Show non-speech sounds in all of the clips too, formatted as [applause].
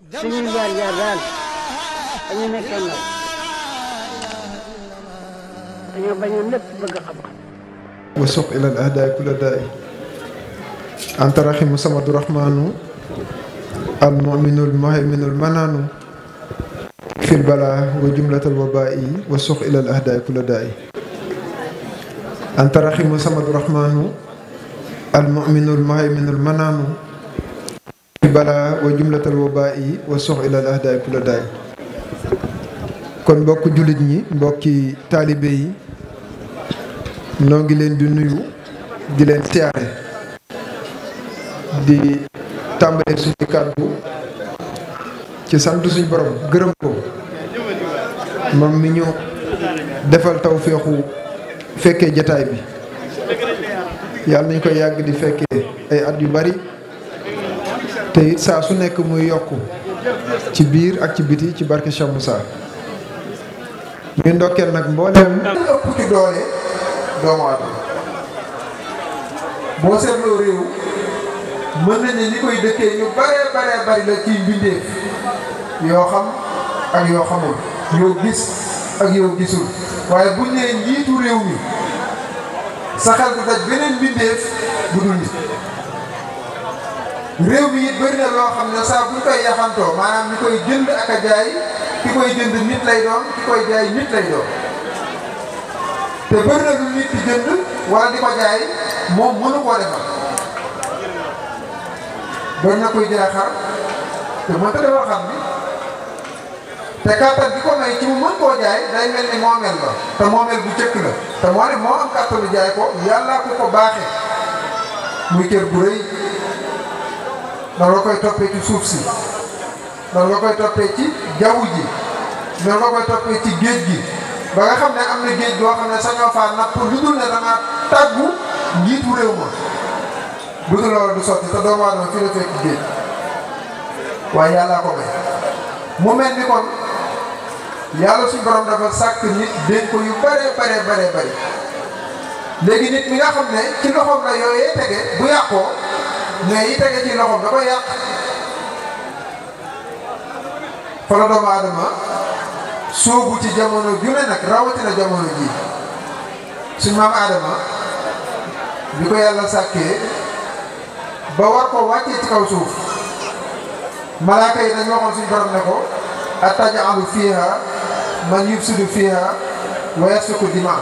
وسوق إلى الأهداء كل داء أنت رحيم صمد الرحمن المؤمن المهيمن المنان في البلاء وجملة الوباء والسوق إلى الأهداء كل داء أنت رحيم صمد الرحمن المؤمن المهيمن المنان bala wa jumlatal wabaa'i wa sox ilal ahdaay kula daay kon mbokk jullit ñi mbokki taalibe yi noo ngi leen di nuyu di leen siyaare di tàmbalee suñu kàddu ci sant suñu borom gërëm ko moom mi ñu defal taw feexu fekkee jataay bi yàlla nañ ko yàgg di fekkee ay at yu bari te saa su nekk muy yokk ci biir ak ci biti ci barke Cheikh Moussa ñu ndokkeel nag mbooleem ëpp ci doole doomu aadama boo réew mën nañ ñi koy dëkkee ñu bare bare bari la ci mbindeef yoo xam ak yoo xamul yoo gis ak yoo gisul waaye buñ nee njiitu réew mi sa xel du daj beneen mbindeef bu dul nit réew mi it bëri na loo xam ne saa buñ koy yaxantoo maanaam ñu koy jënd ak a jaay ki koy jënd nit lay doon ki koy jaay nit lay doon te bëri na lu nit di jënd wala di ko jaay moom mënu koo defal bëri na koy jaay xar te mënta defal xam ni te kàttan bi ko may ci mu mën koo jaay day mel ni moomeel la te moomeel bu jëkk la te moo ne moo am kàttanu jaay ko yàlla ku ko baaxee muy kër bu rëy nan la koy toppee ci suuf si nan la koy toppee ci jaww ji nan la koy toppee ci géej gi ba nga xam ne am na géej goo xam ne sañoo lu dul ne dangaa tàggu njiitu réew ma bu dul loolu du sotti te doomu do fi la fekk géej waaye yàllaa ko may mu mel ni kon yàlla suñu borom dafa sàkk nit dénk ko yu bare bare bare bare léegi nit mi nga xam ne ci loxoom la yooyee tege bu yàqoo ne yi tege ci loxoom da koy yàq fala doomu aadama soobu ci jamono ju ne nag rawatina jamono ji suñ maam aadama bi ko yàlla sàkkee ba war ko wàccee ci kaw suuf malaaka yi dañ waxoon suñ borom ne ko atajaalu fiiha man yufsidu fiiha wa yasfiku dimaa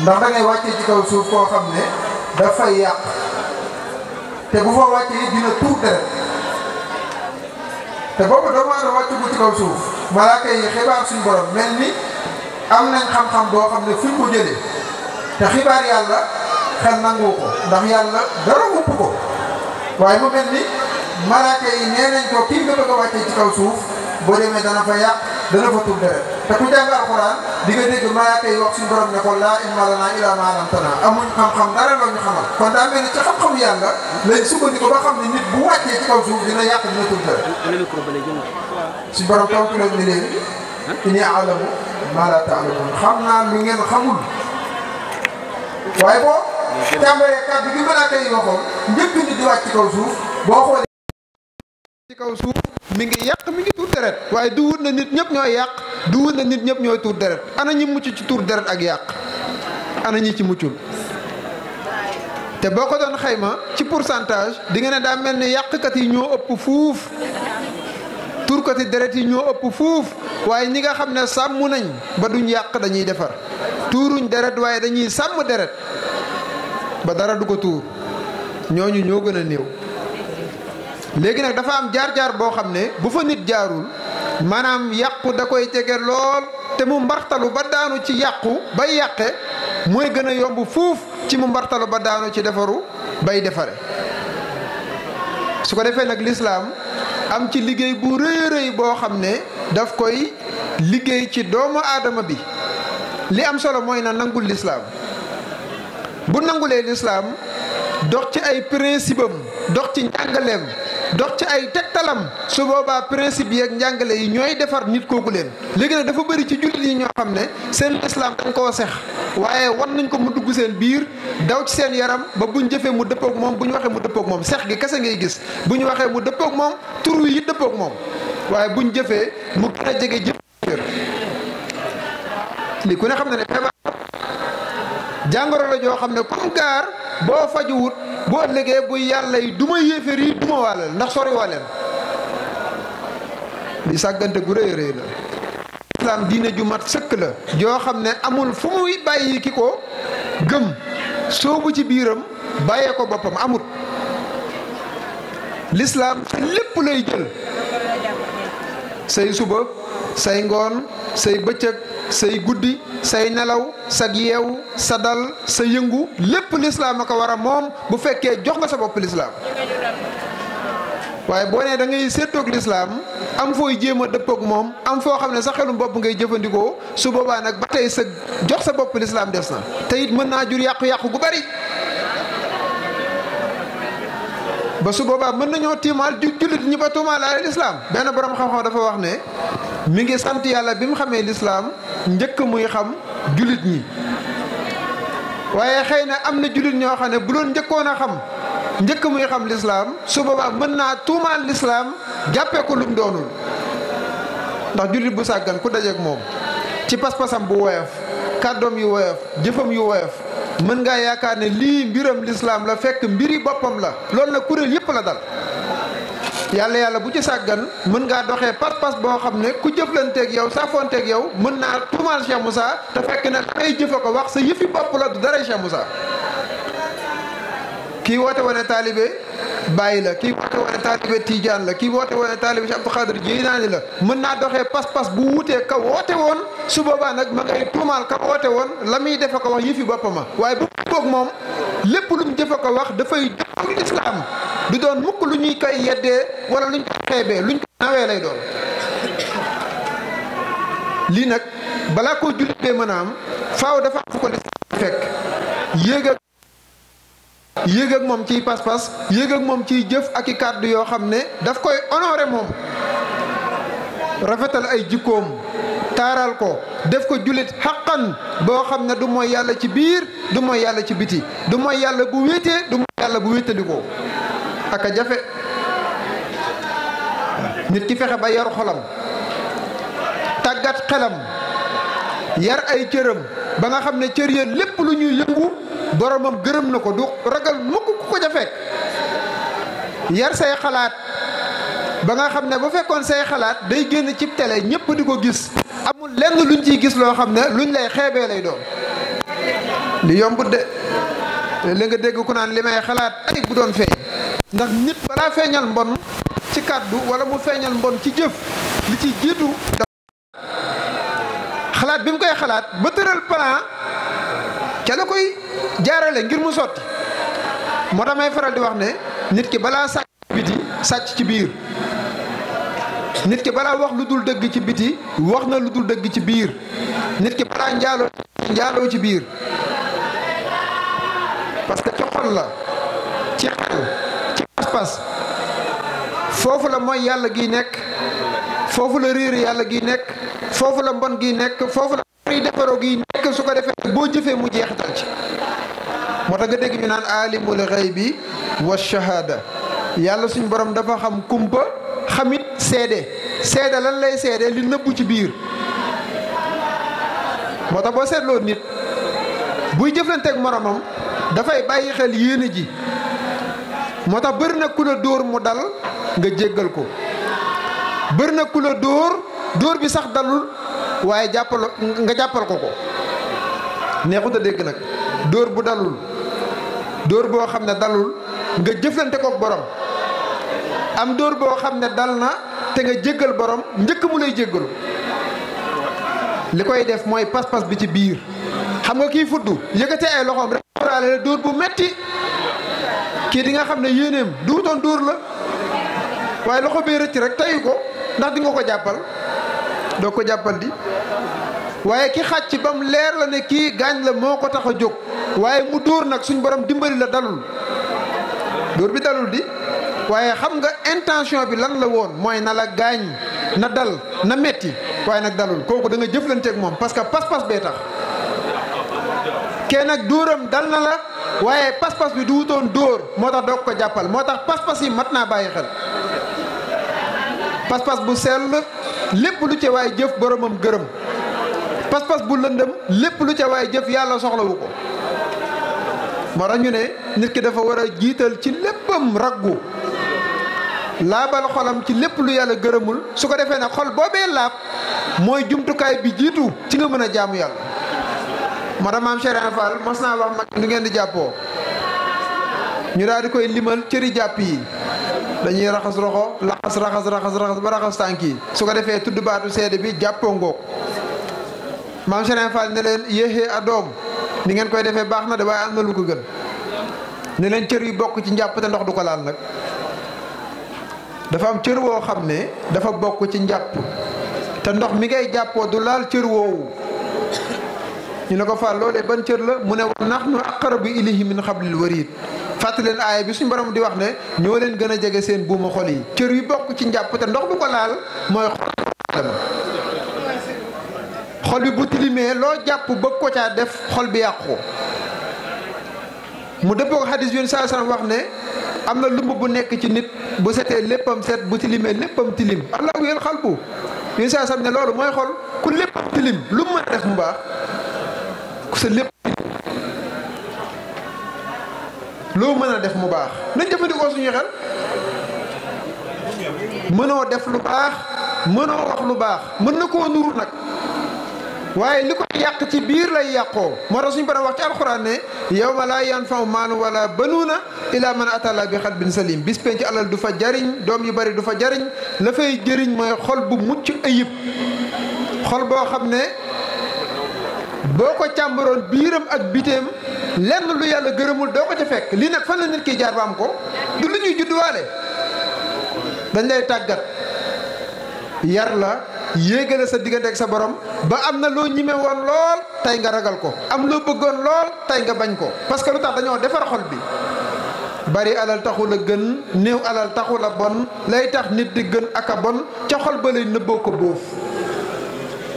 ndax da ngay wàccee ci kaw suuf koo xam ne dafay yàq te bu fa wàccee dina tuur deret te boobu doomu aadama wàccu ci kaw suuf malaaka yi xibaar suñu borom mel ni am nañ xam-xam boo xam ne fi mu ko jëlee te xibaar yàlla xel nangu ko ndax yàlla dara wupp ko waaye mu mel ni malaaka yi nee nañ ko kii nga bëgg wàccee ci kaw suuf boo demee dana fa yàq. dana fa tuur deret te ku jàng alxuraan di nga dégg malaaka yi wax suñu borom ne ko laa ilma lanaa illaa maa allamtanaa amuñ xam-xam xam-xam yàlla lañ xam ne nit bu wàccee ci kaw suuf dina yàq leen ni leen inni laa taalamuun xam naa lu ngeen xamul waaye boo tàmbalee kàddu gi malaaka yi waxoon njëkk nit di wàcc ci kaw suuf boo xoolee ci kaw suuf mi ngi yàq mi ngi tuur deret waaye du wut na nit ñëpp ñooy yàq du wut na nit ñëpp ñooy tuur deret ana ñi mucc ci tuur deret ak yàq ana ñi ci muccul te boo ko doon xayma ci pourcentage di nga ne daa mel ni yàq kat yi ñoo ëpp fuuf tuurkati deret yi ñoo ëpp fuuf waaye ñi nga xam ne sàmm nañ ba duñ yàq dañuy defar tuuruñ deret waaye dañuy sàmm deret ba dara du ko tuur ñooñu ñoo gën a néew léegi nag dafa am jaar-jaar boo xam ne bu fa nit jaarul maanaam yàqu da koy jege lool te mu mbartalu ba daanu ci yàqu bay yàqe mooy gën a yomb fuuf ci mu mbartalu ba daanu ci defaru bay defare su ko defee nag lislaam am ci liggéey bu rëy rëy boo xam ne daf koy liggéey ci doomu aadama bi li am solo mooy na nangul lislaam bu nangulee lislaam dox ci ay principam dox ci njàngaleem dox ci ay tegtalam su boobaa principe yi njàngale yi ñooy defar nit kooku leen léegi nag dafa bëri ci jullit yi ñoo xam ne seen islam dañ koo sex waaye wan nañ ko mu dugg seen biir daw ci seen yaram ba buñ jëfee mu dëppoog moom bu ñu waxee mu dëppoog moom sex gi kese ngay gis bu ñu waxee mu dëppoog moom tur yi dëppoog moom waaye buñ jëfee mu gën jege jëf ku ne xam ne ne jàngoro la joo xam ne ku gaar boo fajuwut boo liggéey bu yàlla yi duma yéeféer yi duma wàllal ndax sori wàllal li sàggante gu rëy rëy la islaam diine ju mat sëkk la joo xam ne amul fu muy bàyyi ki ko gëm soobu ci biiram bàyyee ko boppam amut lislaam lépp lay jël say suba say ngoon say bëccëg say guddi say nelaw sa yeewu sa dal sa yëngu lépp lislaam a ko war a moom bu fekkee jox nga sa bopp lislaam waaye boo nee da ngay lislaam am fooy jéem a dëppoog moom am foo xam ne sa xelum bopp ngay jëfandikoo su boobaa nag ba tey sa jox sa bopp lislaam des na te it mën naa jur yàqu-yàqu gu bari ba su boobaa mën nañoo tiimaal di jullit ñi ba tuumaalaale lislaam benn borom xam-xam dafa wax ne mi ngi sant yàlla bi mu xamee lislaam njëkk muy xam jullit ñi waaye xëy na am na jullit ñoo xam ne bu doon njëkkoon a xam njëkk muy xam lislaam su boobaa mën naa tuumaal lislaam jàppee ko lum doonul ndax jullit bu sàggan ku dajeeg moom ci pas-pasam bu woyof kàddoom yu woyof jëfam yu woyof mën ngaa yaakaar ne lii mbiram lislaam la fekk mbiri boppam la lool nag kuréel yépp la dal yàlla yàlla bu ci sàggan mën ngaa doxee pas-pas boo xam ne ku jëflanteeg yow saafoonteeg yow mën naa tuumaal Cheikh Moussa te fekk na ay jëfa ko wax sa yëfi bopp la du daray Cheikh Moussa kii woote wane taalibe bàyyi la kii woote wane taalibe tiijaan la kii woote wane taalibe Cheikh Abdou Khadir Jilaani la mën naa doxee pas-pas bu wuutee ka woote woon su boobaa nag ma ngay tuumaal ka woote woon la muy defe ko wax yëfi boppama ah. waaye bu boog moom lépp lu mu defe ko wax dafay jëfandikoo lislaam du doon mukk lu ñuy koy yeddee wala luñ koy xeebee luñ koy nawee lay doon lii nag balaa koo jullit mën a am faaw dafa am ko lislaam fekk yéeg yéeg ak moom ciy pas-pas yéeg ak moom ciy jëf ak i kàddu yoo xam ne daf koy honoré moom rafetal ay jikkoom taaral ko def ko jullit xaqan boo xam ne du mooy yàlla ci biir du mooy yàlla ci biti du mooy yàlla bu wéetee du mooy yàlla bu wéetalikoo ak a jafe nit ki fexe ba yaru xolam tàggat xelam yar ay cëram ba nga xam ne cër ya lépp lu ñuy yëngu boromam gërëm na ko du ragal mukk ku ko jafee yar say xalaat ba nga xam ne bu fekkoon say xalaat day génn cib télé ñëpp di ko gis amul lenn luñ ciy gis loo xam ne luñ lay xeebee lay doon li yombut de li nga dégg ku naan li may xalaat ay bu doon feeñ ndax nit balaa feeñal mbon ci kàddu wala mu feeñal mbon ci jëf li ci jiitu xalaat bi mu koy xalaat ba tëral plan kene koy jaarale ngir mu sotti moo tax faral di wax ne nit ki bala sacc ci biti sacc ci biir nit ki bala wax lu dul deug ci biti wax na lu dul deug ci biir nit ki bala njaalo njaalo ci biir parce que ci xol la ci xel ci pass pass fofu la moy yalla gi nek fofu la réer yalla gi nek fofu la mbon gi nek fofu la dafay defaroo gi nekk su ko defee boo jëfee mu jeexital ci moo tax nga dégg ñu naan alimul xaybi wa shahada yàlla suñ borom dafa xam kumpa xamit seede seede lan lay seede li nëbbu ci biir moo tax boo seetloo nit buy jëflanteeg moromam dafay bàyyi xel yéene ji moo tax bëri na ku la dóor mu dal nga jéggal ko bëri na ku dóor dóor bi sax dalul waaye jàppal nga jàppal ko ko neexut a dégg nag dóor bu dalul dóor boo xam ne dalul nga jëflante kook borom am dóor boo xam ne dal na te nga jéggal borom njëkk mu lay jéggalu li koy def mooy pas-pas bi ci biir xam nga kii fudd yëkkate ay loxoom rek dóor bu metti kii di nga xam ne yéeneem duutoon dóor la waaye loxo bee rëcc rek tayu ko ndax di nga ko jàppal doo ko jàppal di waaye ki xàcc ba bam leer la ne kii gaañ la moo ko tax a jóg waaye mu dóor nag suñu borom dimbali la dalul dóor bi dalul di waaye xam nga intention bi lan la woon mooy na la gaañ na dal na metti waaye nag dalul kooku da nga jëflanteeg moom parce que pas-pas bee tax kee nag dóoram dal na la waaye pas-pas bi du wutoon dóor moo tax doog ko jàppal moo tax pas-pas yi mat naa bàyyi xel pas-pas bu sell lépp lu ci waaye jëf boromam gërëm pas-pas bu lëndëm lépp lu ca waay jëf yàlla soxlawu ko moo tax ñu ne nit ki dafa war a jiital ci léppam raggu laabal xolam ci lépp lu yàlla gërëmul su ko defee nag xol boobee laab mooy jumtukaay bi jiitu ci nga mën a jaamu yàlla moo tax maam Cheikh Fall mos naa wax mag nu ngeen di jàppoo ñu daal di koy limal cëri jàpp yi dañuy raxas roxo laxas raxas raxas raxas ba raxas tànk yi su ko defee tudd baatu seede bi jàppoo ngoog maam Serigne Fall ne leen yéexee a ni ngeen koy defee baax na de waaye am na lu ko gën ne leen cër yu bokk ci njàpp te ndox du ko laal nag dafa am cër xam ne dafa bokk ci njàpp te ndox mi ngay jàppoo du laal cër woowu ñu ne ko Fall loolee ban cër la mu ne wa nahnu aqrabu ilayhi min hablil warid fàttali leen aaya bi suñu borom di wax ne ñoo leen gën a jege seen buuma xol yi cër yu bokk ci njàpp te ndox du ko laal mooy xol dama xol bi bu tilimee loo jàpp bëgg ko caa def xol bi yàqu mu dëppoo ko xadis yoon saa wax ne am na lumb bu nekk ci nit bu setee léppam set bu tilimee léppam tilim allahu yéen xal bu yoon saa ne loolu mooy xol ku léppam tilim lu mu mën a def mu baax ku sa lépp mën a def mu baax nañ jëfandikoo suñu xel mënoo def lu baax mënoo wax lu baax mën na koo nuru nag waye liko yak ci bir lay yakko mo ra suñu borom wax ci alcorane yawma la yanfa'u maalun wala banuna ila man atala Allaaha bi qalbin salim bis pen ci alal du fa jariñ dom yu bari du fa jariñ la fay jariñ moy xol bu mucc ayib xol bo xamne boko boo biram ak bitem lenn lu yàlla geureumul do ko ci fek li nak fan la nit ki jaar ba ko du lu ñuy judduwaale dañ lay tagat yar la yéegale sa diggante ak sa borom ba am na loo ñime woon lool tey nga ragal ko am loo bëggoon lool tey nga bañ ko parce que lu tax dañoo defar xol bi bari alal taxul a gën néew alal taxul a bon lay tax nit di gën ak a bon ca xol ba lay nëbboo ko bóof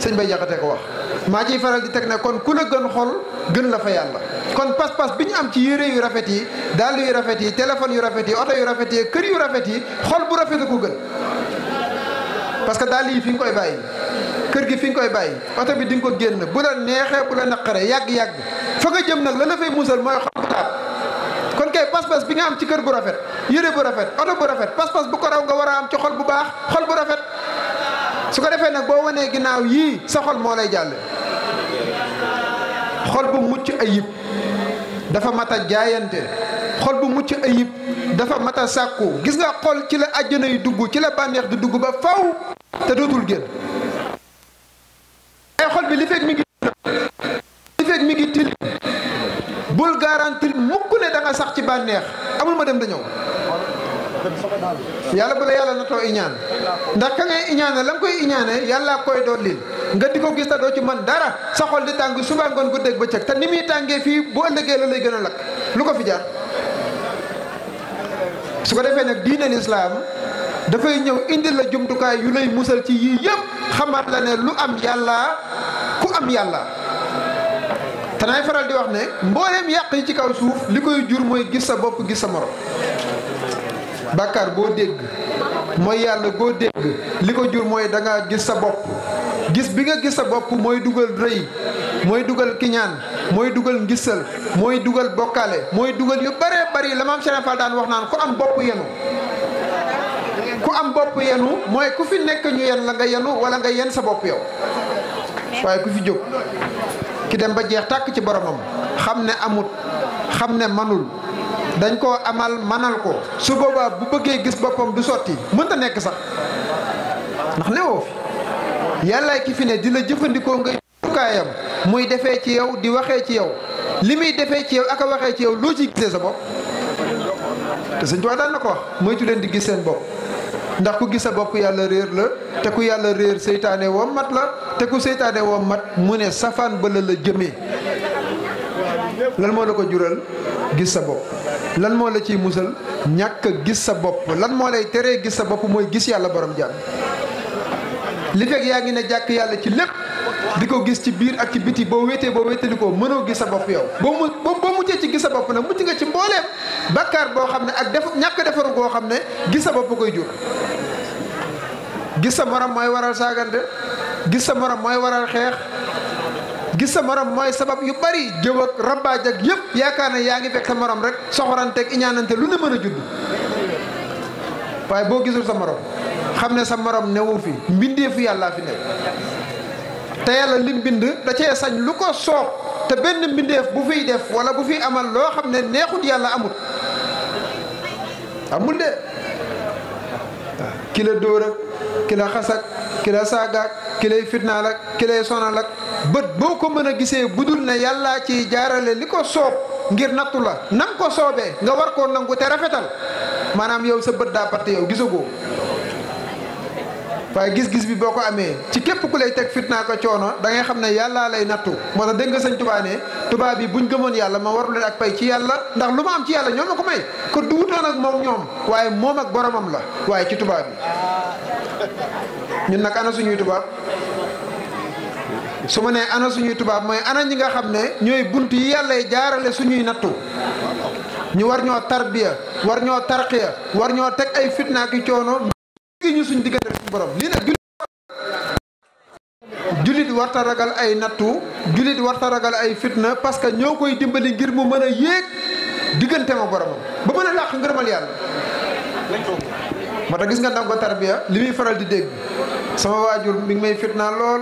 sëñ bay jaxate ko wax maa ciy faral di teg ne kon ku la gën xol gën la fa yàlla kon pas-pas bi ñu am ci yére yu rafet yi dàll yu rafet yi téléphone yu rafet yi oto yu rafet yi kër yu rafet yi xol bu rafet ko gën parce que dàll yi fi nga koy bàyyi kër gi fi nga koy bàyyi oto bi di ko génn bu la neexee bu la naqaree yàgg-yàgg fa jëm nag la la fay musal mooy xam taat kon kay pas-pas bi nga am ci kër bu rafet yére bu rafet oto bu rafet pas-pas bu ko raw nga war a am ci xol bu baax xol bu rafet su ko defee nag boo wanee ginnaaw yii sa xol moo lay jàll xol bu mucc ayib dafa mat a jaayante xol bu mucc ayib dafa mat a sàkku gis nga xol ci la àjjana yi dugg ci la bànneex di dugg ba faw te dootul génn ay eh, xol bi li fekk mi ngi li fekk mi ngi tilim bul garantir mukk ne da sax ci bànneex amul ma dem da ñëw yàlla bu la yàlla na too iñaan ndax ka ngay iñaane la nga koy iñaane yàlla koy dollil nga di ko gis te doo ci man dara sa xol di tàng suba ngoon guddeeg bëccëg te ni muy tàngee fii boo ëllëgee la lay gën a lag lu ko fi jaar su ko defee nag diine lislaam dafay ñëw indi la jumtukaay yu lay musal ci yii yëpp xamal la ne lu am yàlla ku am yàlla te naay faral di wax ne mboolem yàq yi ci kaw suuf li koy jur mooy gis sa bopp gis sa morom bàkkaar boo yàlla goo li ko jur mooy da gis sa bopp gis bi nga gis sa bopp mooy dugal rëy mooy dugal kiñaan mooy dugal ngisal mooy dugal bokkaale mooy dugal yu bare bari la maam Cheikh Fall daan wax naan ku am bopp yenu ku am bop yenu moy ku fi nek ñu yenn la nga yenu wala nga yenn sa bop yow way ku fi jog ki dem ba jeex tak ci boromam xamne ne amut xam manul dañ ko amal manal ko su boba bu bëgge gis bopam du mën ta nek sax ndax newoo fi ki fi ne di la jëfëndiko nga kaayam muy défé ci yow di waxé ci yow limi défé ci yow ak waxé ci yow lo ci gisé sa bop te señ tuwa dal nako ko tu len di gis sen bop ndax ku gis sa bopp yàlla réer la te ku yàlla réer seytaane woo mat la te ku seytaane woo mat mu ne safaan bële la jëmee lan moo la ko jural gis sa bopp lan moo la ciy musal ñàkk gis sa bopp lan moo lay teree gis sa bopp mooy gis yàlla borom jàmm li fekk yaa ngi ne jàkk yàlla ci lépp di ko gis ci biir ak ci biti boo wéetee boo wéetali ko mënoo gis sa bopp yow boo mu boo muccee ci gis sa bopp nag mucc nga ci mbooleem bàkkaar boo xam ne ak def ñàkk defaru koo xam ne gis sa bopp koy jur gis sa morom mooy waral saagante gis sa morom mooy waral xeex gis sa morom mooy sabab yu bari jëw ak rabaaj ak yëpp yaakaar ne yaa ngi fekk sa morom rek soxoranteeg iñaanante lu ne mën a judd waaye boo gisul sa morom xam ne sa morom newu fi mbindeefu yàllaa fi nekk te yàlla lim bind da cee sañ lu ko soob te benn mbindeef bu fiy def wala bu fiy amal loo xam ne neexul yàlla amut amul de kilo la dóor ak ki la xas ak ki la saaga ak ki bët boo ko mën a gisee dul ne yàllaa ciy jaarale li ko soob ngir nattu la nang ko soobee nga war koo nangu te rafetal maanaam yow sa bët daa parte yow gisagoo waaye gis-gis bi boo ko amee ci képp ku lay teg fitnaa ko coono dangay xam ne yàllaa lay nattu moo tax dégg nga sëñ Tuubaa ne Tuubaa bi buñ gëmoon yàlla ma waru leen ak pay ci yàlla ndax lu ma am ci yàlla ñoom ma ko may ko duutoon ak moom ñoom waaye moom ak boromam la waaye ci Tuubaa bi ñun nag ana suñuy tubaab su ma nee ana suñuy tubaab mooy ana ñi nga xam ne ñooy bunt yi yàlla jaarale suñuy nattu ñu war ñoo tarbiya war ñoo tarqiya war ñoo teg ay fitna ak gi ñu suñ diggante ak borom lii nag jullit warta ragal ay nattu jullit warta ragal ay fitna parce que ñoo koy dimbali ngir mu mën a yéeg diggante ma boromam ba mën a làq ngërëmal yàlla moo gis nga ndam ko tarbiya li muy faral di dégg sama waajur mi ngi may fitnaa lool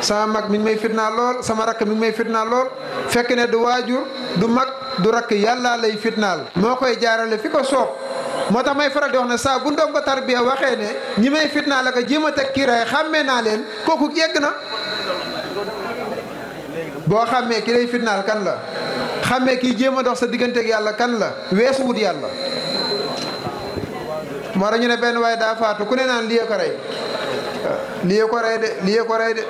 sama mag mi ngi may fitnaa lool sama rakk mi ngi may fitnaa lool fekk ne du waajur du mag du rakk yàllaa lay fitnaal moo koy jaarale fi ko soob moo tax may faral na wax ne saa bu ndongo tarbiya waxee ne ñi may fitnaa la ko jéem a teg kiiraay xàmmee naa leen kooku yegg na boo xàmmee ki lay fitnaal kan la xàmmee kii jéem a dox sa digganteeg yàlla kan la weesu wut yàlla moo tax ñu ne benn waaye daa faatu ku ne naan lii ko rey lii ko rey de lii ko rey de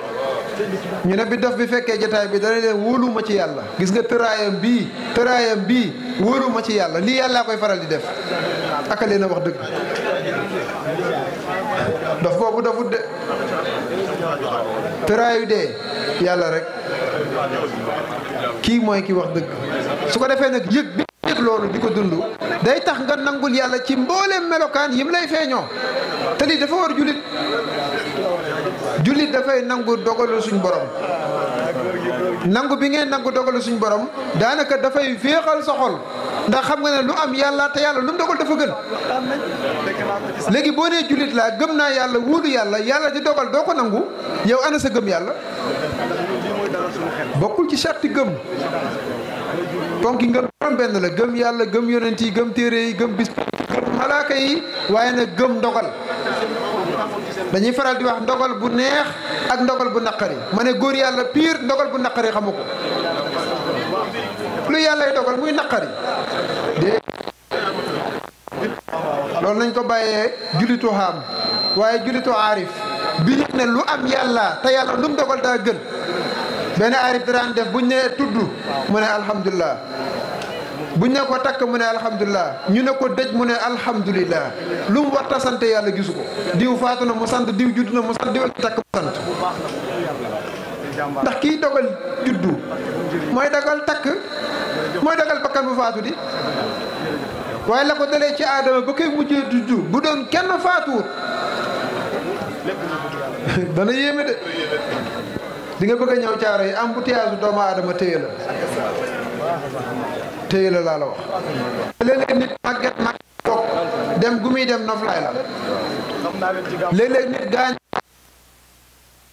ñu ne bi dof bi fekkee jotaay bi dana leen wóoluma ci yàlla gis nga tëraayam bii tëraayam bii wóoluma ci yàlla lii yàllaa koy faral di def aka leen a wax dëgg dof boobu dafut de tëraayu dee yàlla rek kii mooy ki wax dëgg su ko defee nag yëg bi loolu di ko dund day tax nga nangul yàlla ci mbooleem melokaan yim lay feeñoo te lii dafa war jullit jullit dafay nangu dogalu suñu borom nangu bi ngeen nangu dogalu suñu borom daanaka dafay féexal sa xol ndax xam nga ne lu am yàlla te yàlla lu mu dogal dafa gën léegi boo nee jullit laa gëm naa yàlla wóolu yàlla yàlla di dogal doo ko nangu yow ana sa gëm yàlla bokkul ci sarti gëm ponki ngëm borom benn la gëm yàlla gëm yonent yi gëm téere yi gëm bis gëm malaaka yi waaye na gëm dogal dañuy faral di wax ndogal bu neex ak ndogal bu naqari ma ne góor yàlla pire ndogal bu naqari xamu ko lu yàllay dogal muy naqari loolu nañ ko bàyyee julitu xaam waaye julitu aarif bi ne lu am yàlla te yàlla lu mu dogal daa gën benn aarif daan def buñ ne tudd mu ne alhamdulilah bu ñu ne ko takk mu ne alhamdulilah ñu ne ko dëj mu ne alhamdulilah lu mu war ta yàlla gisu ko diw faatu na mu sant diw judd na mu sant diw takk mu sant ndax kii dogal juddu mooy dogal takk mooy dogal bakkan bu faatu di waaye la ko dalee ci aadama ba koy mujjee juddu bu doon kenn faatuwut [laughs] dana yéeme de di nga bëgg a ñëw caaro yi embouteillage doomu aadama téye la téye la laa la wax léeg-léeg nit màgget màgget toog dem gu muy dem noflaay la léeg-léeg nit gaañ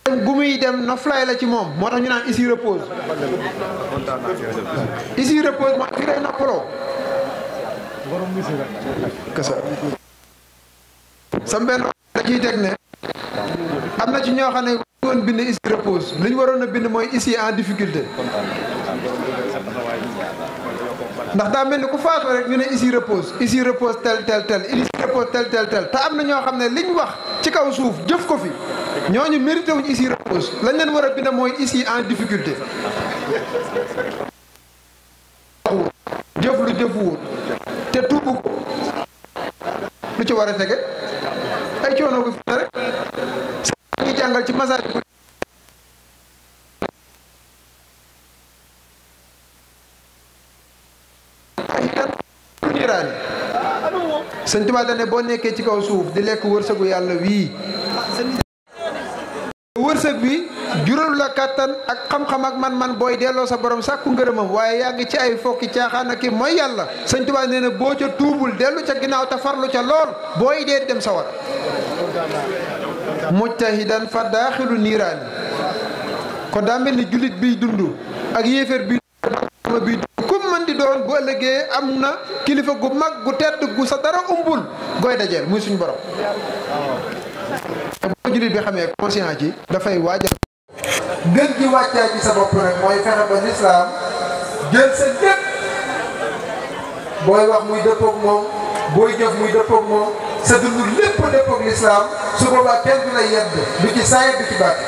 dem gu muy dem noflaay la ci moom moo tax ñu naan ici repose ici repose mooy fi ngay noppaloo kasa sam benn da ciy teg ne na ci ñoo xam ne woon bind ici repose li waroon a bind mooy ici en difficulté ndax daa mel ni ku faatu rek ñu ne ici repose ici repose tel tel tel ici repose tel tel te am na ñoo xam ne liñ wax ci kaw suuf jëf ko fi ñooñu mérité wuñ ici repose lañ leen war a bind mooy ici en difficulté. jëf lu woon te tuubu ko lu ci war a tege ay coono ko fi rek. ñu jàngal ci message sëñ Tuubaa dane boo nekkee ci kaw suuf di lekk wërsëgu yàlla wii wërsëg bi jural la kàttan ak xam-xam ak man-man booy delloo sa boroom sàkku ngërëmam waaye yaa ngi ci ay fokki caaxaan ak i mooy yàlla sëñ Tuubaa boo ca tuubul dellu ca ginnaaw te farlu ca lool booy dee dem sa war mujtahidan fa daaxilu niiraani kon daa mel ni jullit biy dund ak yéeféer bi bi bu ëllëgé am na kilifa gu mag gu tedd gu sa dara umbul goy dajé muy suñu borom. bu jëri bi xamé conscience da fay waajal. gën ci wàccaa ci sa bop rek moy fexe ba l'islam jël sa lépp boy wax muy ak mom boy jëf muy ak mom sa dund depp ak l'islam su boba kenn du yedd du ci saayir du ci bàtt.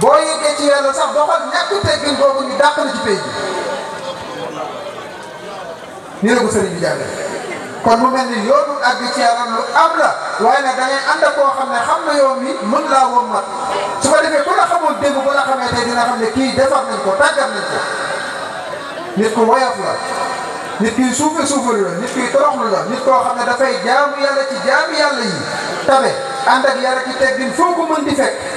boo yeggee ci yàlla sax boo xool ñàkk teggin boobu ñu dàq na ci pay bi nii la ko sëriñ bi jàngee kon mu mel ni yoonu àgg ci yàlla lu am la waaye nag da ngay ànd ak koo xam ne xam na yoon wi mën laa woon mat su ko defee ku la xamoon dégg bu la xamee tey dina xam ne kii defar nañ ko tàggat nañ ko nit ku woyof la nit kuy suufe suufalu la nit kuy toroxlu la nit koo xam ne dafay jaamu yàlla ci jaamu yàlla yi tabe ànd ak yàlla ci teggin foo ko mën di fekk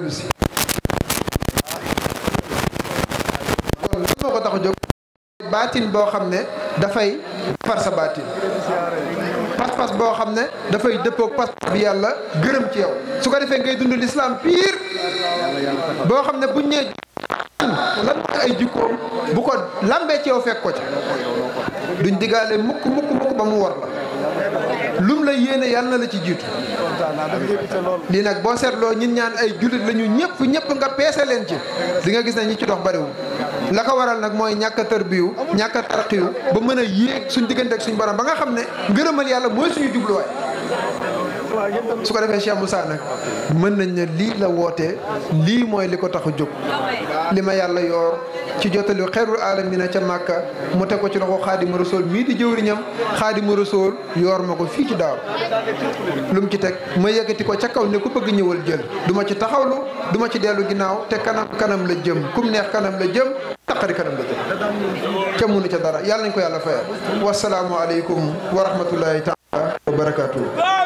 loolu lan moo ko tax a baatin boo xam ne dafay defar sa baatin pas-pas boo xam ne dafay dëppoog pas-pas bi yàlla gërëm ci yow su ko defee ngay dund lislaam piir boo xam ne buñ nee lan ay jikkoom bu ko lambee ci yow fekk ko ci duñ diggaale mukk mukk mukk ba mu war la lum la yéene yàlla la ci jiitu lii nag boo seetloo ñun ñaan ay jullit lañu ñëpp ñëpp nga peese leen ci di nga gis ne ñi ci dox bariwul la ko waral nag mooy ñàkk a tërbiyu ñàkk a tarqiyu ba mën a yéeg suñu diggante suñu suñ ba nga xam ne ngërëmal yàlla mooy suñu jubluwaay su ko defee Cheikh Moussa nag mën nañ ne lii la woote lii mooy li ko tax a jóg li ma yàlla yoor ci jottali xeerul aalamina ca Màkka mu teg ko ci loxo Xaadimu Rasuul mii di jëwriñam Xaadimu Rasuul yoor ma ko fii ci daaw lu mu ci teg ma yëkkati ko ca kaw ne ku bëgg ñëwal jël du ma ci taxaw du duma ci dellu ginnaaw te kanam kanam la jëm kum neex kanam la jëm taqari kanam la jëm ca munu ca dara yàlla nañ ko yàlla fayal wasalaamu aleykum wa rahmatullahi wa barakatuh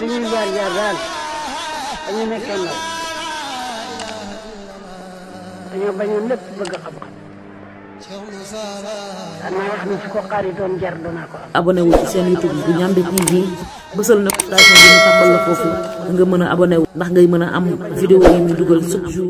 suñuy jaar jaar daal dañu nekkee ndaw dañoo bañoon lépp bëgg xam-xam xam ne su ko xaaritoon jar danaa ko am. abonné wu ci seen YouTube bu Ndiamé TV bësal notification bi ñu nga mën a abonné ndax ngay mën a am vidéo yi ñu dugal chaque jour.